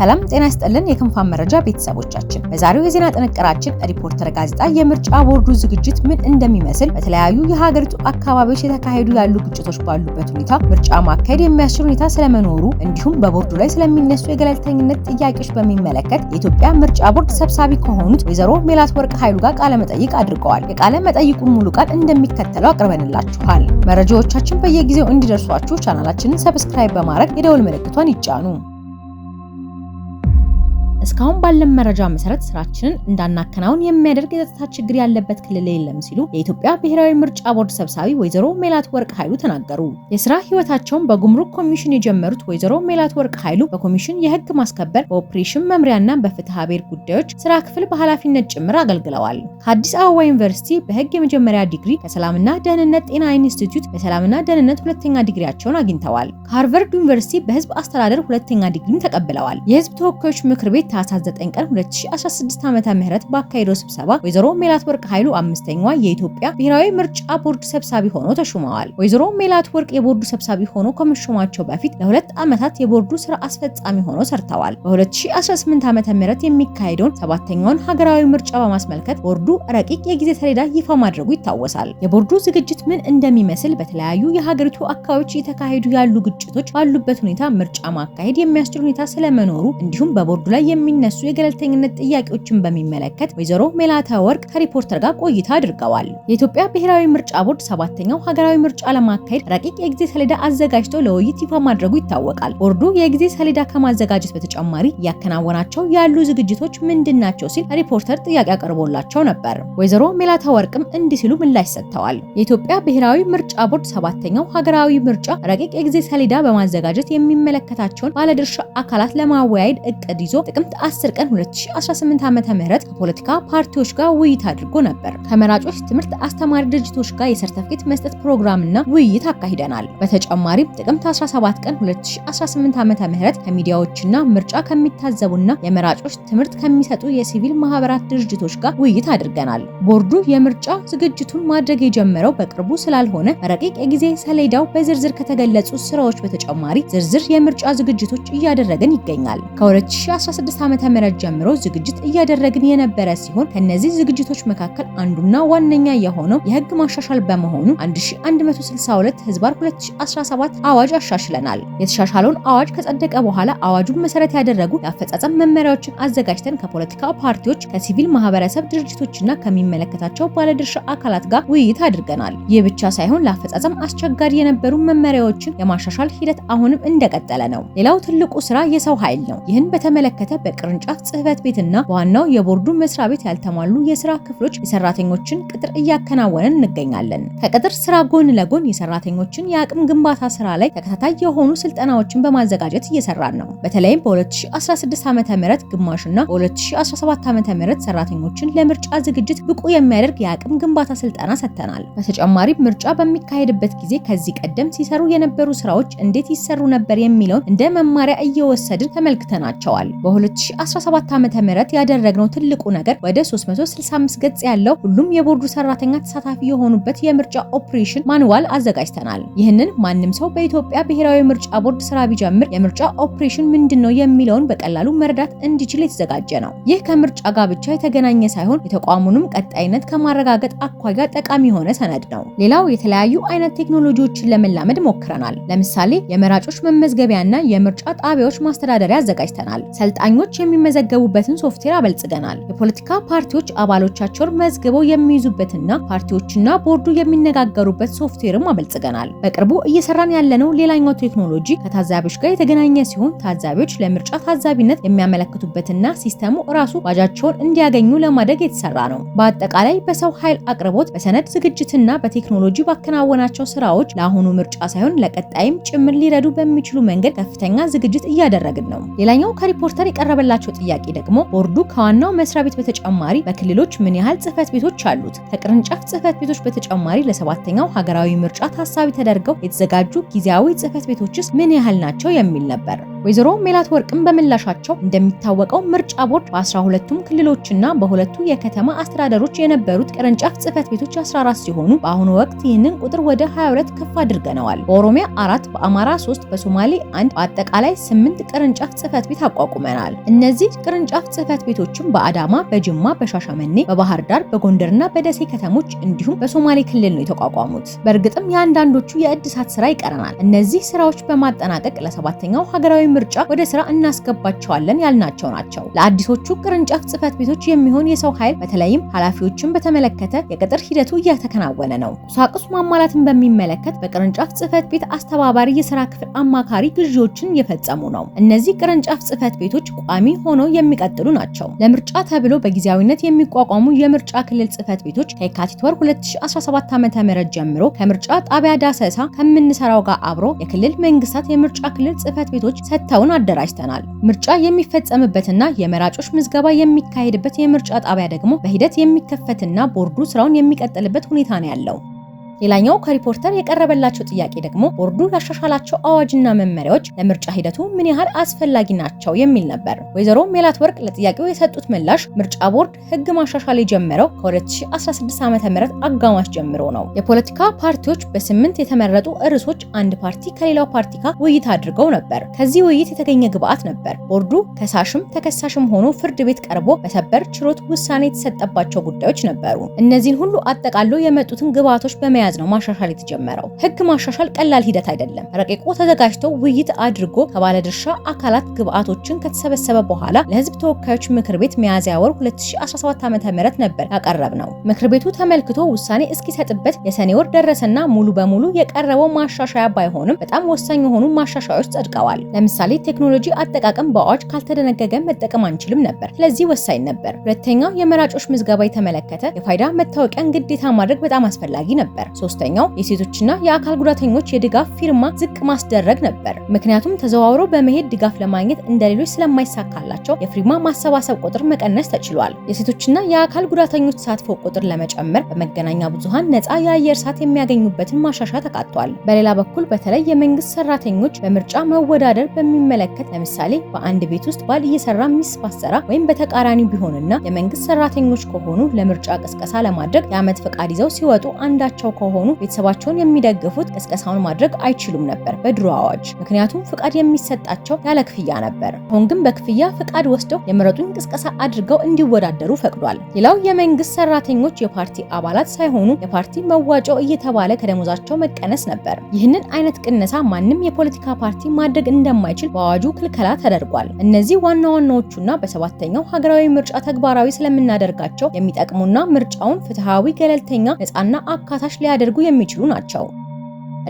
ሰላም ጤና ይስጥልን የክንፋን መረጃ ቤተሰቦቻችን፣ በዛሬው የዜና ጥንቅራችን ሪፖርተር ጋዜጣ የምርጫ ቦርዱ ዝግጅት ምን እንደሚመስል፣ በተለያዩ የሀገሪቱ አካባቢዎች የተካሄዱ ያሉ ግጭቶች ባሉበት ሁኔታ ምርጫ ማካሄድ የሚያስችል ሁኔታ ስለመኖሩ፣ እንዲሁም በቦርዱ ላይ ስለሚነሱ የገለልተኝነት ጥያቄዎች በሚመለከት የኢትዮጵያ ምርጫ ቦርድ ሰብሳቢ ከሆኑት ወይዘሮ ሜላት ወርቅ ኃይሉ ጋር ቃለ መጠይቅ አድርገዋል። የቃለ መጠይቁን ሙሉ ቃል እንደሚከተለው አቅርበንላችኋል። መረጃዎቻችን በየጊዜው እንዲደርሷችሁ ቻናላችንን ሰብስክራይብ በማድረግ የደወል ምልክቷን ይጫኑ። እስካሁን ባለን መረጃ መሰረት ስራችንን እንዳናከናውን የሚያደርግ የጸጥታ ችግር ያለበት ክልል የለም ሲሉ የኢትዮጵያ ብሔራዊ ምርጫ ቦርድ ሰብሳቢ ወይዘሮ ሜላት ወርቅ ኃይሉ ተናገሩ። የስራ ህይወታቸውን በጉምሩክ ኮሚሽን የጀመሩት ወይዘሮ ሜላት ወርቅ ኃይሉ በኮሚሽን የህግ ማስከበር በኦፕሬሽን መምሪያና በፍትሐ ብሔር ጉዳዮች ስራ ክፍል በኃላፊነት ጭምር አገልግለዋል። ከአዲስ አበባ ዩኒቨርሲቲ በህግ የመጀመሪያ ዲግሪ ከሰላምና ደህንነት ጤና ኢንስቲትዩት በሰላምና ደህንነት ሁለተኛ ዲግሪያቸውን አግኝተዋል። ከሃርቨርድ ዩኒቨርሲቲ በህዝብ አስተዳደር ሁለተኛ ዲግሪን ተቀብለዋል። የህዝብ ተወካዮች ምክር ቤት 19 ቀን 2016 ዓመተ ምህረት ባካሄደው ስብሰባ ወይዘሮ ሜላት ወርቅ ኃይሉ አምስተኛዋ የኢትዮጵያ ብሔራዊ ምርጫ ቦርድ ሰብሳቢ ሆኖ ተሹመዋል። ወይዘሮ ሜላት ወርቅ የቦርዱ ሰብሳቢ ሆኖ ከመሾማቸው በፊት ለሁለት ዓመታት የቦርዱ ስራ አስፈጻሚ ሆኖ ሰርተዋል። በ2018 ዓመተ ምህረት የሚካሄደውን ሰባተኛውን ሀገራዊ ምርጫ በማስመልከት ቦርዱ ረቂቅ የጊዜ ሰሌዳ ይፋ ማድረጉ ይታወሳል። የቦርዱ ዝግጅት ምን እንደሚመስል በተለያዩ የሀገሪቱ አካባቢዎች እየተካሄዱ ያሉ ግጭቶች ባሉበት ሁኔታ ምርጫ ማካሄድ የሚያስችል ሁኔታ ስለመኖሩ እንዲሁም በቦርዱ ላይ የሚነሱ የገለልተኝነት ጥያቄዎችን በሚመለከት ወይዘሮ ሜላታ ወርቅ ከሪፖርተር ጋር ቆይታ አድርገዋል። የኢትዮጵያ ብሔራዊ ምርጫ ቦርድ ሰባተኛው ሀገራዊ ምርጫ ለማካሄድ ረቂቅ የጊዜ ሰሌዳ አዘጋጅቶ ለውይይት ይፋ ማድረጉ ይታወቃል። ቦርዱ የጊዜ ሰሌዳ ከማዘጋጀት በተጨማሪ እያከናወናቸው ያሉ ዝግጅቶች ምንድን ናቸው ሲል ሪፖርተር ጥያቄ አቅርቦላቸው ነበር። ወይዘሮ ሜላታ ወርቅም እንዲህ ሲሉ ምላሽ ሰጥተዋል። የኢትዮጵያ ብሔራዊ ምርጫ ቦርድ ሰባተኛው ሀገራዊ ምርጫ ረቂቅ የጊዜ ሰሌዳ በማዘጋጀት የሚመለከታቸውን ባለድርሻ አካላት ለማወያየድ እቅድ ይዞ ጥቅም? 10 ቀን 2018 ዓ.ም ከፖለቲካ ፓርቲዎች ጋር ውይይት አድርጎ ነበር። ከመራጮች ትምህርት አስተማሪ ድርጅቶች ጋር የሰርተፍኬት መስጠት ፕሮግራምና ውይይት አካሂደናል። በተጨማሪም ጥቅምት 17 ቀን 2018 ዓ.ም ከሚዲያዎችና ምርጫ ከሚታዘቡና የመራጮች ትምህርት ከሚሰጡ የሲቪል ማህበራት ድርጅቶች ጋር ውይይት አድርገናል። ቦርዱ የምርጫ ዝግጅቱን ማድረግ የጀመረው በቅርቡ ስላልሆነ ረቂቅ የጊዜ ሰሌዳው በዝርዝር ከተገለጹ ስራዎች በተጨማሪ ዝርዝር የምርጫ ዝግጅቶች እያደረገን ይገኛል። ከ2016 2015 ዓ.ም ጀምሮ ዝግጅት እያደረግን የነበረ ሲሆን ከነዚህ ዝግጅቶች መካከል አንዱና ዋነኛ የሆነው የህግ ማሻሻል በመሆኑ 1162 ህዝባር 2017 አዋጅ አሻሽለናል። የተሻሻለውን አዋጅ ከጸደቀ በኋላ አዋጁን መሰረት ያደረጉ የአፈጻጸም መመሪያዎችን አዘጋጅተን ከፖለቲካ ፓርቲዎች፣ ከሲቪል ማህበረሰብ ድርጅቶችና ከሚመለከታቸው ባለድርሻ አካላት ጋር ውይይት አድርገናል። ይህ ብቻ ሳይሆን ለአፈጻጸም አስቸጋሪ የነበሩ መመሪያዎችን የማሻሻል ሂደት አሁንም እንደቀጠለ ነው። ሌላው ትልቁ ስራ የሰው ኃይል ነው። ይህን በተመለከተ በቅርንጫፍ ጽህፈት ቤትና በዋናው የቦርዱ መስሪያ ቤት ያልተሟሉ የስራ ክፍሎች የሰራተኞችን ቅጥር እያከናወንን እንገኛለን። ከቅጥር ስራ ጎን ለጎን የሰራተኞችን የአቅም ግንባታ ስራ ላይ ተከታታይ የሆኑ ስልጠናዎችን በማዘጋጀት እየሰራን ነው። በተለይም በ2016 ዓ ም ግማሽና በ2017 ዓ ም ሰራተኞችን ለምርጫ ዝግጅት ብቁ የሚያደርግ የአቅም ግንባታ ስልጠና ሰጥተናል። በተጨማሪ ምርጫ በሚካሄድበት ጊዜ ከዚህ ቀደም ሲሰሩ የነበሩ ስራዎች እንዴት ይሰሩ ነበር የሚለውን እንደ መማሪያ እየወሰድን ተመልክተናቸዋል። በ 2017 ዓ ም ያደረግነው ትልቁ ነገር ወደ 365 ገጽ ያለው ሁሉም የቦርዱ ሰራተኛ ተሳታፊ የሆኑበት የምርጫ ኦፕሬሽን ማንዋል አዘጋጅተናል። ይህንን ማንም ሰው በኢትዮጵያ ብሔራዊ ምርጫ ቦርድ ስራ ቢጀምር የምርጫ ኦፕሬሽን ምንድን ነው የሚለውን በቀላሉ መረዳት እንዲችል የተዘጋጀ ነው። ይህ ከምርጫ ጋር ብቻ የተገናኘ ሳይሆን የተቋሙንም ቀጣይነት ከማረጋገጥ አኳያ ጠቃሚ የሆነ ሰነድ ነው። ሌላው የተለያዩ አይነት ቴክኖሎጂዎችን ለመላመድ ሞክረናል። ለምሳሌ የመራጮች መመዝገቢያና የምርጫ ጣቢያዎች ማስተዳደሪያ አዘጋጅተናል። ሰልጣኞች ፓርቲዎች የሚመዘገቡበትን ሶፍትዌር አበልጽገናል። የፖለቲካ ፓርቲዎች አባሎቻቸውን መዝግበው የሚይዙበትና ፓርቲዎችና ቦርዱ የሚነጋገሩበት ሶፍትዌርም አበልጽገናል። በቅርቡ እየሰራን ያለነው ሌላኛው ቴክኖሎጂ ከታዛቢዎች ጋር የተገናኘ ሲሆን ታዛቢዎች ለምርጫ ታዛቢነት የሚያመለክቱበትና ሲስተሙ ራሱ ዋጃቸውን እንዲያገኙ ለማድረግ የተሰራ ነው። በአጠቃላይ በሰው ኃይል አቅርቦት፣ በሰነድ ዝግጅትና በቴክኖሎጂ ባከናወናቸው ስራዎች ለአሁኑ ምርጫ ሳይሆን ለቀጣይም ጭምር ሊረዱ በሚችሉ መንገድ ከፍተኛ ዝግጅት እያደረግን ነው። ሌላኛው ከሪፖርተር የቀረበ ለቀረበላቸው ጥያቄ ደግሞ ቦርዱ ከዋናው መስሪያ ቤት በተጨማሪ በክልሎች ምን ያህል ጽህፈት ቤቶች አሉት? ከቅርንጫፍ ጽህፈት ቤቶች በተጨማሪ ለሰባተኛው ሀገራዊ ምርጫ ታሳቢ ተደርገው የተዘጋጁ ጊዜያዊ ጽህፈት ቤቶችስ ምን ያህል ናቸው? የሚል ነበር። ወይዘሮ ሜላት ወርቅም በምላሻቸው እንደሚታወቀው ምርጫ ቦርድ በ12ቱም ክልሎችና በሁለቱ የከተማ አስተዳደሮች የነበሩት ቅርንጫፍ ጽህፈት ቤቶች 14 ሲሆኑ በአሁኑ ወቅት ይህንን ቁጥር ወደ 22 ከፍ አድርገነዋል። በኦሮሚያ አራት፣ በአማራ 3፣ በሶማሌ አንድ፣ በአጠቃላይ ስምንት ቅርንጫፍ ጽህፈት ቤት አቋቁመናል። እነዚህ ቅርንጫፍ ጽህፈት ቤቶችም በአዳማ፣ በጅማ፣ በሻሻመኔ፣ በባህር ዳር፣ በጎንደርና በደሴ ከተሞች እንዲሁም በሶማሌ ክልል ነው የተቋቋሙት። በእርግጥም የአንዳንዶቹ የእድሳት ስራ ይቀረናል። እነዚህ ስራዎች በማጠናቀቅ ለሰባተኛው ሀገራዊ ምርጫ ወደ ስራ እናስገባቸዋለን ያልናቸው ናቸው። ለአዲሶቹ ቅርንጫፍ ጽህፈት ቤቶች የሚሆን የሰው ኃይል በተለይም ኃላፊዎችን በተመለከተ የቅጥር ሂደቱ እየተከናወነ ነው። ቁሳቁስ ማሟላትን በሚመለከት በቅርንጫፍ ጽህፈት ቤት አስተባባሪ የስራ ክፍል አማካሪ ግዢዎችን እየፈጸሙ ነው። እነዚህ ቅርንጫፍ ጽህፈት ቤቶች ጠቃሚ ሆነው የሚቀጥሉ ናቸው። ለምርጫ ተብሎ በጊዜያዊነት የሚቋቋሙ የምርጫ ክልል ጽህፈት ቤቶች ከየካቲት ወር 2017 ዓ.ም ጀምሮ ከምርጫ ጣቢያ ዳሰሳ ከምንሰራው ጋር አብሮ የክልል መንግስታት የምርጫ ክልል ጽህፈት ቤቶች ሰጥተውን አደራጅተናል። ምርጫ የሚፈጸምበትና የመራጮች ምዝገባ የሚካሄድበት የምርጫ ጣቢያ ደግሞ በሂደት የሚከፈትና ቦርዱ ስራውን የሚቀጥልበት ሁኔታ ነው ያለው። ሌላኛው ከሪፖርተር የቀረበላቸው ጥያቄ ደግሞ ቦርዱ ያሻሻላቸው አዋጅና መመሪያዎች ለምርጫ ሂደቱ ምን ያህል አስፈላጊ ናቸው የሚል ነበር። ወይዘሮ ሜላት ወርቅ ለጥያቄው የሰጡት ምላሽ ምርጫ ቦርድ ሕግ ማሻሻል የጀመረው ከ2016 ዓ ም አጋማሽ ጀምሮ ነው። የፖለቲካ ፓርቲዎች በስምንት የተመረጡ ርዕሶች አንድ ፓርቲ ከሌላው ፓርቲ ጋር ውይይት አድርገው ነበር። ከዚህ ውይይት የተገኘ ግብአት ነበር ቦርዱ ከሳሽም ተከሳሽም ሆኖ ፍርድ ቤት ቀርቦ በሰበር ችሎት ውሳኔ የተሰጠባቸው ጉዳዮች ነበሩ። እነዚህን ሁሉ አጠቃሎ የመጡትን ግብአቶች በመያዝ በመያዝ ነው ማሻሻል የተጀመረው። ህግ ማሻሻል ቀላል ሂደት አይደለም። ረቂቁ ተዘጋጅቶ ውይይት አድርጎ ከባለድርሻ አካላት ግብአቶችን ከተሰበሰበ በኋላ ለህዝብ ተወካዮች ምክር ቤት ሚያዝያ ወር 2017 ዓ.ም ነበር ያቀረብ ነው። ምክር ቤቱ ተመልክቶ ውሳኔ እስኪሰጥበት የሰኔ ወር ደረሰና ሙሉ በሙሉ የቀረበው ማሻሻያ ባይሆንም በጣም ወሳኝ የሆኑ ማሻሻያዎች ጸድቀዋል። ለምሳሌ ቴክኖሎጂ አጠቃቀም በአዋጅ ካልተደነገገ መጠቀም አንችልም ነበር። ስለዚህ ወሳኝ ነበር። ሁለተኛው የመራጮች ምዝገባ የተመለከተ የፋይዳ መታወቂያን ግዴታ ማድረግ በጣም አስፈላጊ ነበር። ሶስተኛው የሴቶችና የአካል ጉዳተኞች የድጋፍ ፊርማ ዝቅ ማስደረግ ነበር። ምክንያቱም ተዘዋውሮ በመሄድ ድጋፍ ለማግኘት እንደሌሎች ስለማይሳካላቸው የፊርማ ማሰባሰብ ቁጥር መቀነስ ተችሏል። የሴቶችና የአካል ጉዳተኞች ተሳትፎ ቁጥር ለመጨመር በመገናኛ ብዙሃን ነፃ የአየር ሰዓት የሚያገኙበትን ማሻሻ ተካቷል። በሌላ በኩል በተለይ የመንግስት ሰራተኞች በምርጫ መወዳደር በሚመለከት ለምሳሌ በአንድ ቤት ውስጥ ባል እየሰራ ሚስት ባሰራ ወይም በተቃራኒ ቢሆንና የመንግስት ሰራተኞች ከሆኑ ለምርጫ ቅስቀሳ ለማድረግ የዓመት ፈቃድ ይዘው ሲወጡ አንዳቸው ከሆኑ ከሆኑ ቤተሰባቸውን የሚደግፉት ቅስቀሳውን ማድረግ አይችሉም ነበር በድሮ አዋጅ፣ ምክንያቱም ፍቃድ የሚሰጣቸው ያለ ክፍያ ነበር። አሁን ግን በክፍያ ፍቃድ ወስደው የምረጡኝ ቅስቀሳ አድርገው እንዲወዳደሩ ፈቅዷል። ሌላው የመንግስት ሰራተኞች የፓርቲ አባላት ሳይሆኑ የፓርቲ መዋጫው እየተባለ ከደሞዛቸው መቀነስ ነበር። ይህንን አይነት ቅነሳ ማንም የፖለቲካ ፓርቲ ማድረግ እንደማይችል በአዋጁ ክልከላ ተደርጓል። እነዚህ ዋና ዋናዎቹና በሰባተኛው ሀገራዊ ምርጫ ተግባራዊ ስለምናደርጋቸው የሚጠቅሙና ምርጫውን ፍትሐዊ፣ ገለልተኛ፣ ነጻና አካታች ሊያ ሊያደርጉ የሚችሉ ናቸው።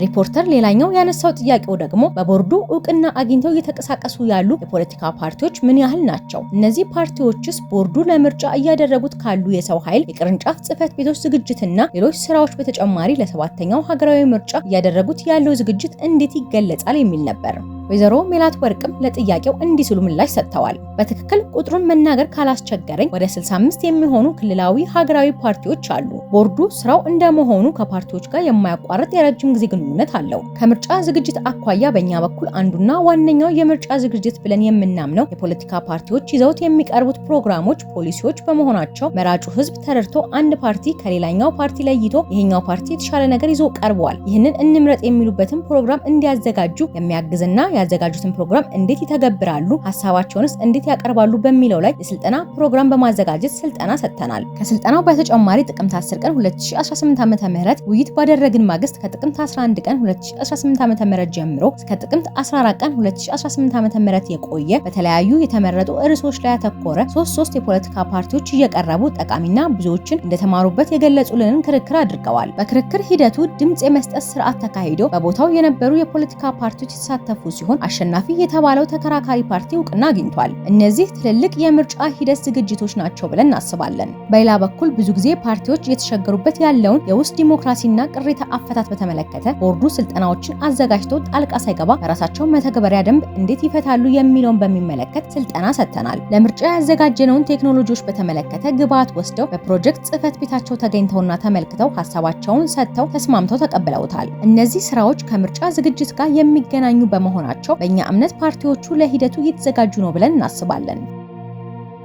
ሪፖርተር ሌላኛው ያነሳው ጥያቄው ደግሞ በቦርዱ እውቅና አግኝተው እየተንቀሳቀሱ ያሉ የፖለቲካ ፓርቲዎች ምን ያህል ናቸው? እነዚህ ፓርቲዎችስ ቦርዱ ለምርጫ እያደረጉት ካሉ የሰው ኃይል፣ የቅርንጫፍ ጽህፈት ቤቶች ዝግጅትና ሌሎች ስራዎች በተጨማሪ ለሰባተኛው ሀገራዊ ምርጫ እያደረጉት ያለው ዝግጅት እንዴት ይገለጻል? የሚል ነበር። ወይዘሮ ሜላት ወርቅም ለጥያቄው እንዲህ ሲሉ ምላሽ ሰጥተዋል። በትክክል ቁጥሩን መናገር ካላስቸገረኝ ወደ 65 የሚሆኑ ክልላዊ ሀገራዊ ፓርቲዎች አሉ። ቦርዱ ስራው እንደመሆኑ ከፓርቲዎች ጋር የማያቋርጥ የረጅም ጊዜ ግንኙነት አለው። ከምርጫ ዝግጅት አኳያ በእኛ በኩል አንዱና ዋነኛው የምርጫ ዝግጅት ብለን የምናምነው የፖለቲካ ፓርቲዎች ይዘውት የሚቀርቡት ፕሮግራሞች፣ ፖሊሲዎች በመሆናቸው መራጩ ህዝብ ተረድቶ አንድ ፓርቲ ከሌላኛው ፓርቲ ለይቶ ይሄኛው ፓርቲ የተሻለ ነገር ይዞ ቀርበዋል፣ ይህንን እንምረጥ የሚሉበትን ፕሮግራም እንዲያዘጋጁ የሚያግዝና ያዘጋጁትን ፕሮግራም እንዴት ይተገብራሉ፣ ሀሳባቸውንስ እንዴት ያቀርባሉ በሚለው ላይ የስልጠና ፕሮግራም በማዘጋጀት ስልጠና ሰጥተናል። ከስልጠናው በተጨማሪ ጥቅምት 10 ቀን 2018 ዓ.ም ውይይት ባደረግን ማግስት ከጥቅምት 11 ቀን 2018 ዓ.ም ጀምሮ እስከ ጥቅምት 14 ቀን 2018 ዓ.ም የቆየ በተለያዩ የተመረጡ ርዕሶች ላይ ያተኮረ ሶስት ሶስት የፖለቲካ ፓርቲዎች እየቀረቡ ጠቃሚና ብዙዎችን እንደተማሩበት የገለጹልንን ክርክር አድርገዋል። በክርክር ሂደቱ ድምፅ የመስጠት ስርዓት ተካሂዶ በቦታው የነበሩ የፖለቲካ ፓርቲዎች የተሳተፉ ሲሆን ሲሆን አሸናፊ የተባለው ተከራካሪ ፓርቲ እውቅና አግኝቷል። እነዚህ ትልልቅ የምርጫ ሂደት ዝግጅቶች ናቸው ብለን እናስባለን። በሌላ በኩል ብዙ ጊዜ ፓርቲዎች የተሸገሩበት ያለውን የውስጥ ዲሞክራሲና ቅሬታ አፈታት በተመለከተ ቦርዱ ስልጠናዎችን አዘጋጅቶ ጣልቃ ሳይገባ በራሳቸው መተግበሪያ ደንብ እንዴት ይፈታሉ የሚለውን በሚመለከት ስልጠና ሰጥተናል። ለምርጫ ያዘጋጀነውን ቴክኖሎጂዎች በተመለከተ ግብዓት ወስደው በፕሮጀክት ጽህፈት ቤታቸው ተገኝተውና ተመልክተው ሀሳባቸውን ሰጥተው ተስማምተው ተቀብለውታል። እነዚህ ስራዎች ከምርጫ ዝግጅት ጋር የሚገናኙ በመሆናቸው በመሆናቸው በእኛ እምነት ፓርቲዎቹ ለሂደቱ እየተዘጋጁ ነው ብለን እናስባለን።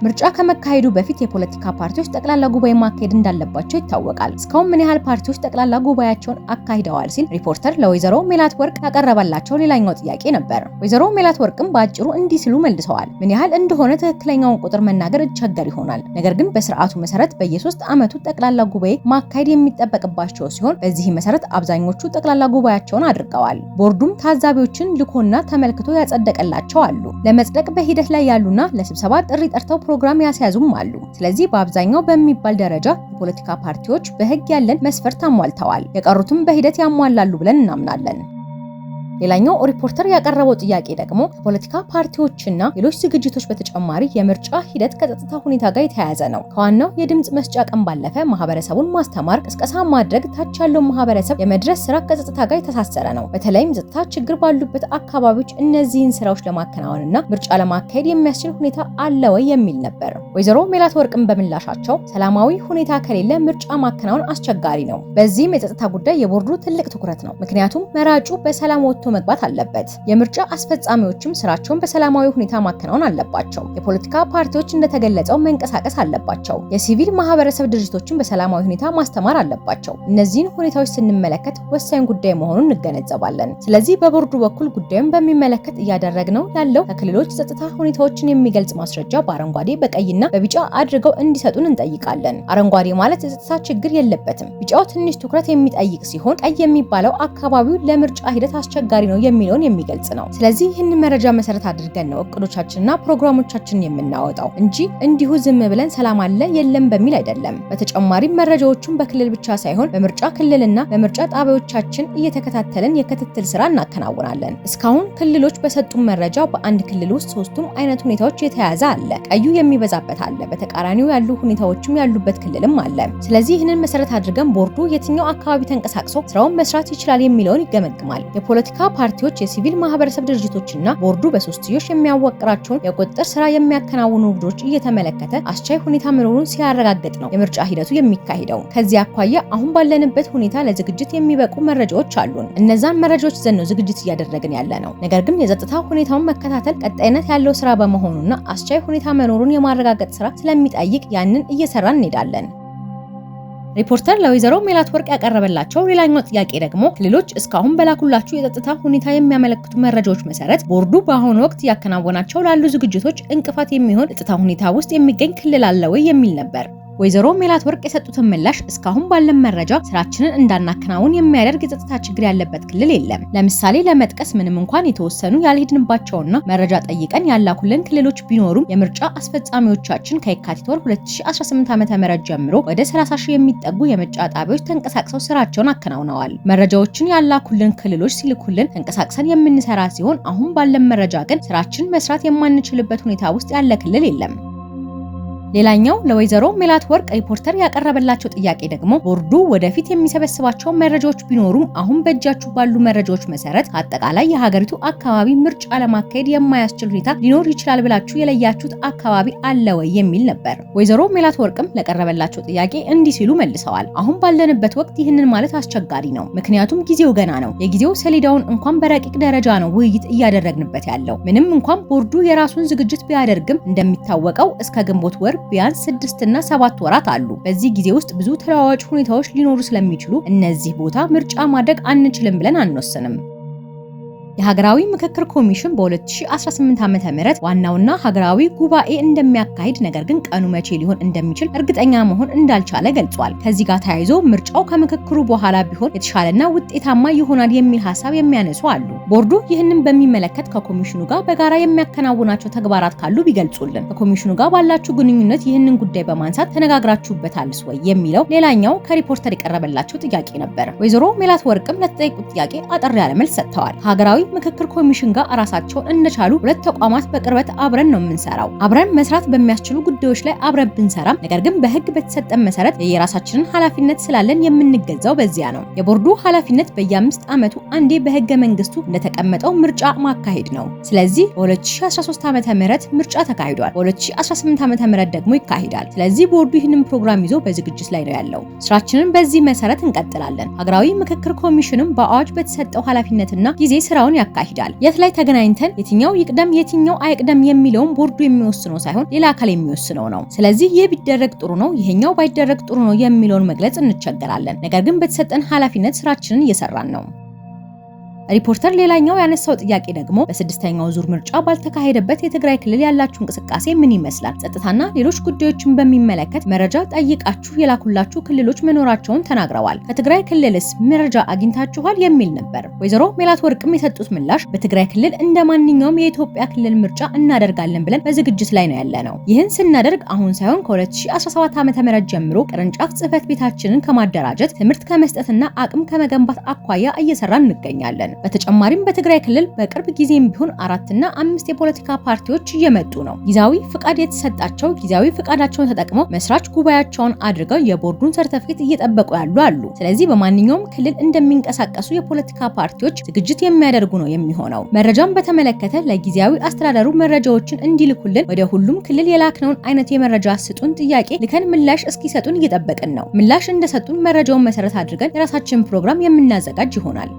ምርጫ ከመካሄዱ በፊት የፖለቲካ ፓርቲዎች ጠቅላላ ጉባኤ ማካሄድ እንዳለባቸው ይታወቃል። እስካሁን ምን ያህል ፓርቲዎች ጠቅላላ ጉባኤያቸውን አካሂደዋል ሲል ሪፖርተር ለወይዘሮ ሜላት ወርቅ ያቀረበላቸው ሌላኛው ጥያቄ ነበር። ወይዘሮ ሜላት ወርቅም በአጭሩ እንዲህ ሲሉ መልሰዋል። ምን ያህል እንደሆነ ትክክለኛውን ቁጥር መናገር እቸገር ይሆናል። ነገር ግን በስርዓቱ መሰረት በየሶስት ዓመቱ ጠቅላላ ጉባኤ ማካሄድ የሚጠበቅባቸው ሲሆን በዚህ መሰረት አብዛኞቹ ጠቅላላ ጉባኤያቸውን አድርገዋል። ቦርዱም ታዛቢዎችን ልኮና ተመልክቶ ያጸደቀላቸው አሉ። ለመጽደቅ በሂደት ላይ ያሉና ለስብሰባ ጥሪ ጠርተው ፕሮግራም ያስያዙም አሉ። ስለዚህ በአብዛኛው በሚባል ደረጃ የፖለቲካ ፓርቲዎች በህግ ያለን መስፈርት አሟልተዋል። የቀሩትም በሂደት ያሟላሉ ብለን እናምናለን። ሌላኛው ሪፖርተር ያቀረበው ጥያቄ ደግሞ ፖለቲካ ፓርቲዎችና ሌሎች ዝግጅቶች በተጨማሪ የምርጫ ሂደት ከጸጥታ ሁኔታ ጋር የተያያዘ ነው። ከዋናው የድምፅ መስጫ ቀን ባለፈ ማህበረሰቡን ማስተማር፣ ቅስቀሳ ማድረግ፣ ታች ያለውን ማህበረሰብ የመድረስ ስራ ከጸጥታ ጋር የተሳሰረ ነው። በተለይም ጸጥታ ችግር ባሉበት አካባቢዎች እነዚህን ስራዎች ለማከናወንና ምርጫ ለማካሄድ የሚያስችል ሁኔታ አለ ወይ የሚል ነበር። ወይዘሮ ሜላት ወርቅን በምላሻቸው ሰላማዊ ሁኔታ ከሌለ ምርጫ ማከናወን አስቸጋሪ ነው። በዚህም የጸጥታ ጉዳይ የቦርዱ ትልቅ ትኩረት ነው። ምክንያቱም መራጩ በሰላም ወጥቶ ወጥቶ መግባት አለበት። የምርጫ አስፈጻሚዎችም ስራቸውን በሰላማዊ ሁኔታ ማከናወን አለባቸው። የፖለቲካ ፓርቲዎች እንደተገለጸው መንቀሳቀስ አለባቸው። የሲቪል ማህበረሰብ ድርጅቶችን በሰላማዊ ሁኔታ ማስተማር አለባቸው። እነዚህን ሁኔታዎች ስንመለከት ወሳኝ ጉዳይ መሆኑን እንገነዘባለን። ስለዚህ በቦርዱ በኩል ጉዳዩን በሚመለከት እያደረግነው ያለው ከክልሎች ጸጥታ ሁኔታዎችን የሚገልጽ ማስረጃ በአረንጓዴ በቀይና በቢጫ አድርገው እንዲሰጡን እንጠይቃለን። አረንጓዴ ማለት የጸጥታ ችግር የለበትም፣ ቢጫው ትንሽ ትኩረት የሚጠይቅ ሲሆን፣ ቀይ የሚባለው አካባቢው ለምርጫ ሂደት አስቸጋሪ አስቸጋሪ ነው የሚለውን የሚገልጽ ነው። ስለዚህ ይህንን መረጃ መሰረት አድርገን ነው እቅዶቻችንና ፕሮግራሞቻችን የምናወጣው እንጂ እንዲሁ ዝም ብለን ሰላም አለ የለም በሚል አይደለም። በተጨማሪም መረጃዎቹን በክልል ብቻ ሳይሆን በምርጫ ክልልና በምርጫ ጣቢያዎቻችን እየተከታተልን የክትትል ስራ እናከናውናለን። እስካሁን ክልሎች በሰጡን መረጃ በአንድ ክልል ውስጥ ሶስቱም አይነት ሁኔታዎች የተያዘ አለ። ቀዩ የሚበዛበት አለ፣ በተቃራኒው ያሉ ሁኔታዎችም ያሉበት ክልልም አለ። ስለዚህ ይህንን መሰረት አድርገን ቦርዱ የትኛው አካባቢ ተንቀሳቅሶ ስራውን መስራት ይችላል የሚለውን ይገመግማል። የፖለቲካ ፓርቲዎች፣ የሲቪል ማህበረሰብ ድርጅቶችና ቦርዱ በሶስትዮሽ የሚያዋቅራቸውን የቁጥጥር ስራ የሚያከናውኑ ውድዶች እየተመለከተ አስቻይ ሁኔታ መኖሩን ሲያረጋግጥ ነው የምርጫ ሂደቱ የሚካሄደው። ከዚህ አኳያ አሁን ባለንበት ሁኔታ ለዝግጅት የሚበቁ መረጃዎች አሉን። እነዛን መረጃዎች ዘን ነው ዝግጅት እያደረግን ያለ ነው። ነገር ግን የጸጥታ ሁኔታውን መከታተል ቀጣይነት ያለው ስራ በመሆኑና አስቻይ ሁኔታ መኖሩን የማረጋገጥ ስራ ስለሚጠይቅ ያንን እየሰራን እንሄዳለን። ሪፖርተር ለወይዘሮ ሜላት ወርቅ ያቀረበላቸው ሌላኛው ጥያቄ ደግሞ ክልሎች እስካሁን በላኩላችሁ የጸጥታ ሁኔታ የሚያመለክቱ መረጃዎች መሰረት ቦርዱ በአሁኑ ወቅት ያከናወናቸው ላሉ ዝግጅቶች እንቅፋት የሚሆን ጸጥታ ሁኔታ ውስጥ የሚገኝ ክልል አለ ወይ የሚል ነበር። ወይዘሮ ሜላት ወርቅ የሰጡትን ምላሽ እስካሁን ባለን መረጃ ስራችንን እንዳናከናውን የሚያደርግ የጸጥታ ችግር ያለበት ክልል የለም። ለምሳሌ ለመጥቀስ ምንም እንኳን የተወሰኑ ያልሄድንባቸውና መረጃ ጠይቀን ያላኩልን ክልሎች ቢኖሩም የምርጫ አስፈጻሚዎቻችን ከየካቲት ወር 2018 ም ጀምሮ ወደ 30 ሺህ የሚጠጉ የምርጫ ጣቢያዎች ተንቀሳቅሰው ስራቸውን አከናውነዋል። መረጃዎችን ያላኩልን ክልሎች ሲልኩልን ተንቀሳቅሰን የምንሰራ ሲሆን አሁን ባለን መረጃ ግን ስራችን መስራት የማንችልበት ሁኔታ ውስጥ ያለ ክልል የለም። ሌላኛው ለወይዘሮ ሜላት ወርቅ ሪፖርተር ያቀረበላቸው ጥያቄ ደግሞ ቦርዱ ወደፊት የሚሰበስባቸው መረጃዎች ቢኖሩም አሁን በእጃችሁ ባሉ መረጃዎች መሰረት አጠቃላይ የሀገሪቱ አካባቢ ምርጫ ለማካሄድ የማያስችል ሁኔታ ሊኖር ይችላል ብላችሁ የለያችሁት አካባቢ አለ ወይ የሚል ነበር። ወይዘሮ ሜላት ወርቅም ለቀረበላቸው ጥያቄ እንዲህ ሲሉ መልሰዋል። አሁን ባለንበት ወቅት ይህንን ማለት አስቸጋሪ ነው፣ ምክንያቱም ጊዜው ገና ነው። የጊዜው ሰሌዳውን እንኳን በረቂቅ ደረጃ ነው ውይይት እያደረግንበት ያለው። ምንም እንኳን ቦርዱ የራሱን ዝግጅት ቢያደርግም እንደሚታወቀው እስከ ግንቦት ወር ቢያንስ ስድስትና ሰባት ወራት አሉ። በዚህ ጊዜ ውስጥ ብዙ ተለዋዋጭ ሁኔታዎች ሊኖሩ ስለሚችሉ እነዚህ ቦታ ምርጫ ማድረግ አንችልም ብለን አንወስንም። የሀገራዊ ምክክር ኮሚሽን በ2018 ዓ ም ዋናውና ሀገራዊ ጉባኤ እንደሚያካሂድ ነገር ግን ቀኑ መቼ ሊሆን እንደሚችል እርግጠኛ መሆን እንዳልቻለ ገልጿል። ከዚህ ጋር ተያይዞ ምርጫው ከምክክሩ በኋላ ቢሆን የተሻለና ውጤታማ ይሆናል የሚል ሀሳብ የሚያነሱ አሉ። ቦርዱ ይህንን በሚመለከት ከኮሚሽኑ ጋር በጋራ የሚያከናውናቸው ተግባራት ካሉ ቢገልጹልን፣ ከኮሚሽኑ ጋር ባላችሁ ግንኙነት ይህንን ጉዳይ በማንሳት ተነጋግራችሁበታል ወይ የሚለው ሌላኛው ከሪፖርተር የቀረበላቸው ጥያቄ ነበር። ወይዘሮ ሜላት ወርቅም ለተጠየቁት ጥያቄ አጠር ያለ መልስ ሰጥተዋል። ሀገራዊ ምክክር ኮሚሽን ጋር ራሳቸውን እንደቻሉ ሁለት ተቋማት በቅርበት አብረን ነው የምንሰራው። አብረን መስራት በሚያስችሉ ጉዳዮች ላይ አብረን ብንሰራም ነገር ግን በህግ በተሰጠን መሰረት የየራሳችንን ኃላፊነት ስላለን የምንገዛው በዚያ ነው። የቦርዱ ኃላፊነት በየአምስት ዓመቱ አንዴ በህገ መንግስቱ እንደተቀመጠው ምርጫ ማካሄድ ነው። ስለዚህ በ2013 ዓ.ም ምርጫ ተካሂዷል። በ2018 ዓ.ም ደግሞ ይካሄዳል። ስለዚህ ቦርዱ ይህንን ፕሮግራም ይዞ በዝግጅት ላይ ነው ያለው። ስራችንን በዚህ መሰረት እንቀጥላለን። ሀገራዊ ምክክር ኮሚሽንም በአዋጅ በተሰጠው ኃላፊነትና ጊዜ ስራውን ውሳኔውን ያካሂዳል። የት ላይ ተገናኝተን የትኛው ይቅደም የትኛው አይቅደም የሚለውን ቦርዱ የሚወስነው ሳይሆን ሌላ አካል የሚወስነው ነው። ስለዚህ ይህ ቢደረግ ጥሩ ነው፣ ይሄኛው ባይደረግ ጥሩ ነው የሚለውን መግለጽ እንቸገራለን። ነገር ግን በተሰጠን ኃላፊነት ስራችንን እየሰራን ነው። ሪፖርተር ሌላኛው ያነሳው ጥያቄ ደግሞ በስድስተኛው ዙር ምርጫ ባልተካሄደበት የትግራይ ክልል ያላችሁ እንቅስቃሴ ምን ይመስላል? ጸጥታና ሌሎች ጉዳዮችን በሚመለከት መረጃ ጠይቃችሁ የላኩላችሁ ክልሎች መኖራቸውን ተናግረዋል። ከትግራይ ክልልስ መረጃ አግኝታችኋል? የሚል ነበር። ወይዘሮ ሜላት ወርቅም የሰጡት ምላሽ በትግራይ ክልል እንደ ማንኛውም የኢትዮጵያ ክልል ምርጫ እናደርጋለን ብለን በዝግጅት ላይ ነው ያለ ነው። ይህን ስናደርግ አሁን ሳይሆን ከ2017 ዓ.ም ጀምሮ ቅርንጫፍ ጽህፈት ቤታችንን ከማደራጀት ትምህርት ከመስጠትና አቅም ከመገንባት አኳያ እየሰራ እንገኛለን። በተጨማሪም በትግራይ ክልል በቅርብ ጊዜም ቢሆን አራትና አምስት የፖለቲካ ፓርቲዎች እየመጡ ነው። ጊዜያዊ ፍቃድ የተሰጣቸው ጊዜያዊ ፍቃዳቸውን ተጠቅመው መስራች ጉባኤያቸውን አድርገው የቦርዱን ሰርተፊኬት እየጠበቁ ያሉ አሉ። ስለዚህ በማንኛውም ክልል እንደሚንቀሳቀሱ የፖለቲካ ፓርቲዎች ዝግጅት የሚያደርጉ ነው የሚሆነው። መረጃውን በተመለከተ ለጊዜያዊ አስተዳደሩ መረጃዎችን እንዲልኩልን ወደ ሁሉም ክልል የላክነውን አይነት የመረጃ ስጡን ጥያቄ ልከን ምላሽ እስኪሰጡን እየጠበቅን ነው። ምላሽ እንደሰጡን መረጃውን መሰረት አድርገን የራሳችን ፕሮግራም የምናዘጋጅ ይሆናል።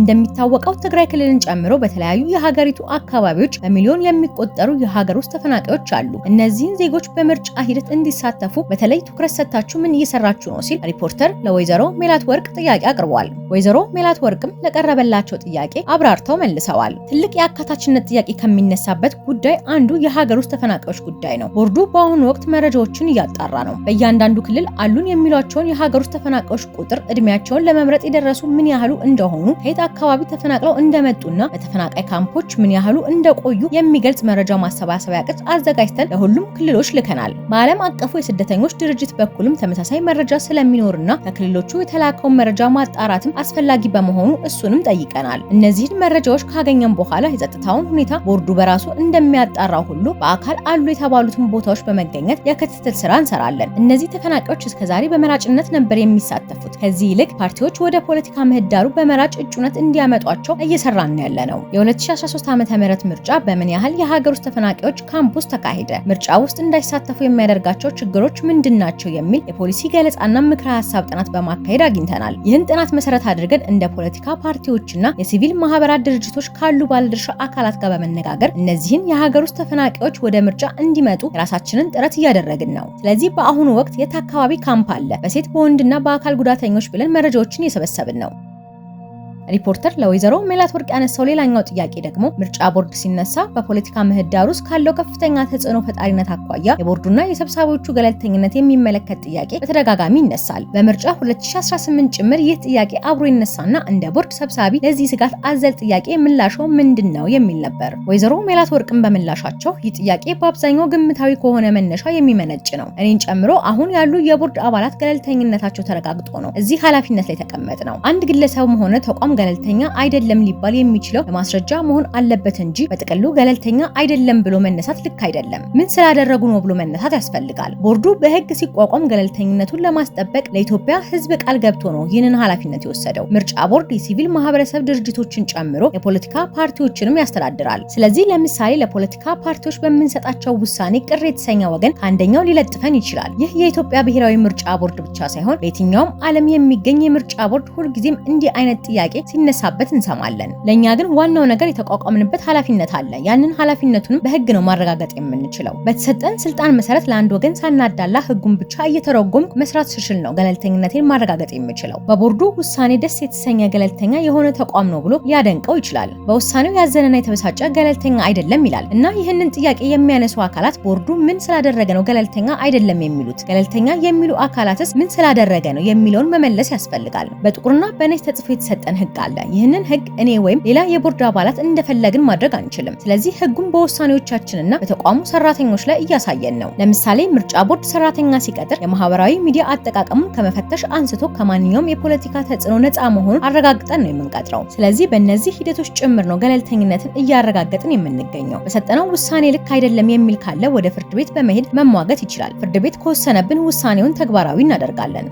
እንደሚታወቀው ትግራይ ክልልን ጨምሮ በተለያዩ የሀገሪቱ አካባቢዎች በሚሊዮን የሚቆጠሩ የሀገር ውስጥ ተፈናቃዮች አሉ። እነዚህን ዜጎች በምርጫ ሂደት እንዲሳተፉ በተለይ ትኩረት ሰጥታችሁ ምን እየሰራችሁ ነው ሲል ሪፖርተር ለወይዘሮ ሜላት ወርቅ ጥያቄ አቅርቧል። ወይዘሮ ሜላት ወርቅም ለቀረበላቸው ጥያቄ አብራርተው መልሰዋል። ትልቅ የአካታችነት ጥያቄ ከሚነሳበት ጉዳይ አንዱ የሀገር ውስጥ ተፈናቃዮች ጉዳይ ነው። ቦርዱ በአሁኑ ወቅት መረጃዎችን እያጣራ ነው። በእያንዳንዱ ክልል አሉን የሚሏቸውን የሀገር ውስጥ ተፈናቃዮች ቁጥር፣ እድሜያቸውን ለመምረጥ የደረሱ ምን ያህሉ እንደሆኑ ከየት አካባቢ ተፈናቅለው እንደመጡና በተፈናቃይ ካምፖች ምን ያህሉ እንደቆዩ የሚገልጽ መረጃ ማሰባሰቢያ ቅጽ አዘጋጅተን ለሁሉም ክልሎች ልከናል። በዓለም አቀፉ የስደተኞች ድርጅት በኩልም ተመሳሳይ መረጃ ስለሚኖርና ከክልሎቹ የተላከውን መረጃ ማጣራትም አስፈላጊ በመሆኑ እሱንም ጠይቀናል። እነዚህን መረጃዎች ካገኘን በኋላ የጸጥታውን ሁኔታ ቦርዱ በራሱ እንደሚያጣራው ሁሉ በአካል አሉ የተባሉትን ቦታዎች በመገኘት የክትትል ስራ እንሰራለን። እነዚህ ተፈናቃዮች እስከዛሬ በመራጭነት ነበር የሚሳተፉት። ከዚህ ይልቅ ፓርቲዎች ወደ ፖለቲካ ምህዳሩ በመራጭ እጩነት ተቋማት እንዲያመጧቸው እየሰራን ያለ ነው። የ2013 ዓ ም ምርጫ በምን ያህል የሀገር ውስጥ ተፈናቃዮች ካምፕ ውስጥ ተካሄደ? ምርጫ ውስጥ እንዳይሳተፉ የሚያደርጋቸው ችግሮች ምንድን ናቸው? የሚል የፖሊሲ ገለጻና ምክረ ሀሳብ ጥናት በማካሄድ አግኝተናል። ይህን ጥናት መሰረት አድርገን እንደ ፖለቲካ ፓርቲዎችና የሲቪል ማህበራት ድርጅቶች ካሉ ባለድርሻ አካላት ጋር በመነጋገር እነዚህን የሀገር ውስጥ ተፈናቃዮች ወደ ምርጫ እንዲመጡ የራሳችንን ጥረት እያደረግን ነው። ስለዚህ በአሁኑ ወቅት የት አካባቢ ካምፕ አለ፣ በሴት በወንድና በአካል ጉዳተኞች ብለን መረጃዎችን እየሰበሰብን ነው። ሪፖርተር ለወይዘሮ ሜላት ወርቅ ያነሳው ሌላኛው ጥያቄ ደግሞ ምርጫ ቦርድ ሲነሳ በፖለቲካ ምህዳር ውስጥ ካለው ከፍተኛ ተጽዕኖ ፈጣሪነት አኳያ የቦርዱና የሰብሳቢዎቹ ገለልተኝነት የሚመለከት ጥያቄ በተደጋጋሚ ይነሳል። በምርጫ 2018 ጭምር ይህ ጥያቄ አብሮ ይነሳና እንደ ቦርድ ሰብሳቢ ለዚህ ስጋት አዘል ጥያቄ ምላሾ ምንድን ነው የሚል ነበር። ወይዘሮ ሜላት ወርቅን በምላሻቸው ይህ ጥያቄ በአብዛኛው ግምታዊ ከሆነ መነሻ የሚመነጭ ነው። እኔን ጨምሮ አሁን ያሉ የቦርድ አባላት ገለልተኝነታቸው ተረጋግጦ ነው እዚህ ኃላፊነት ላይ ተቀመጥ ነው። አንድ ግለሰብም ሆነ ተቋም ገለልተኛ አይደለም ሊባል የሚችለው ለማስረጃ መሆን አለበት እንጂ በጥቅሉ ገለልተኛ አይደለም ብሎ መነሳት ልክ አይደለም። ምን ስላደረጉ ነው ብሎ መነሳት ያስፈልጋል። ቦርዱ በህግ ሲቋቋም ገለልተኝነቱን ለማስጠበቅ ለኢትዮጵያ ህዝብ ቃል ገብቶ ነው ይህንን ኃላፊነት የወሰደው። ምርጫ ቦርድ የሲቪል ማህበረሰብ ድርጅቶችን ጨምሮ የፖለቲካ ፓርቲዎችንም ያስተዳድራል። ስለዚህ ለምሳሌ ለፖለቲካ ፓርቲዎች በምንሰጣቸው ውሳኔ ቅር የተሰኘ ወገን ከአንደኛው ሊለጥፈን ይችላል። ይህ የኢትዮጵያ ብሔራዊ ምርጫ ቦርድ ብቻ ሳይሆን በየትኛውም ዓለም የሚገኝ የምርጫ ቦርድ ሁልጊዜም እንዲህ አይነት ጥያቄ ሲነሳበት እንሰማለን። ለእኛ ግን ዋናው ነገር የተቋቋምንበት ኃላፊነት አለ። ያንን ኃላፊነቱንም በህግ ነው ማረጋገጥ የምንችለው። በተሰጠን ስልጣን መሰረት ለአንድ ወገን ሳናዳላ ህጉን ብቻ እየተረጎም መስራት ስችል ነው ገለልተኝነቴን ማረጋገጥ የምችለው። በቦርዱ ውሳኔ ደስ የተሰኘ ገለልተኛ የሆነ ተቋም ነው ብሎ ሊያደንቀው ይችላል። በውሳኔው ያዘነና የተበሳጨ ገለልተኛ አይደለም ይላል እና ይህንን ጥያቄ የሚያነሱ አካላት ቦርዱ ምን ስላደረገ ነው ገለልተኛ አይደለም የሚሉት? ገለልተኛ የሚሉ አካላትስ ምን ስላደረገ ነው የሚለውን መመለስ ያስፈልጋል። በጥቁርና በነጭ ተጽፎ የተሰጠን ህግ ህግ አለ። ይህንን ህግ እኔ ወይም ሌላ የቦርድ አባላት እንደፈለግን ማድረግ አንችልም። ስለዚህ ህጉን በውሳኔዎቻችንና በተቋሙ ሰራተኞች ላይ እያሳየን ነው። ለምሳሌ ምርጫ ቦርድ ሰራተኛ ሲቀጥር የማህበራዊ ሚዲያ አጠቃቀሙን ከመፈተሽ አንስቶ ከማንኛውም የፖለቲካ ተጽዕኖ ነፃ መሆኑን አረጋግጠን ነው የምንቀጥረው። ስለዚህ በእነዚህ ሂደቶች ጭምር ነው ገለልተኝነትን እያረጋገጥን የምንገኘው። በሰጠነው ውሳኔ ልክ አይደለም የሚል ካለ ወደ ፍርድ ቤት በመሄድ መሟገት ይችላል። ፍርድ ቤት ከወሰነብን ውሳኔውን ተግባራዊ እናደርጋለን።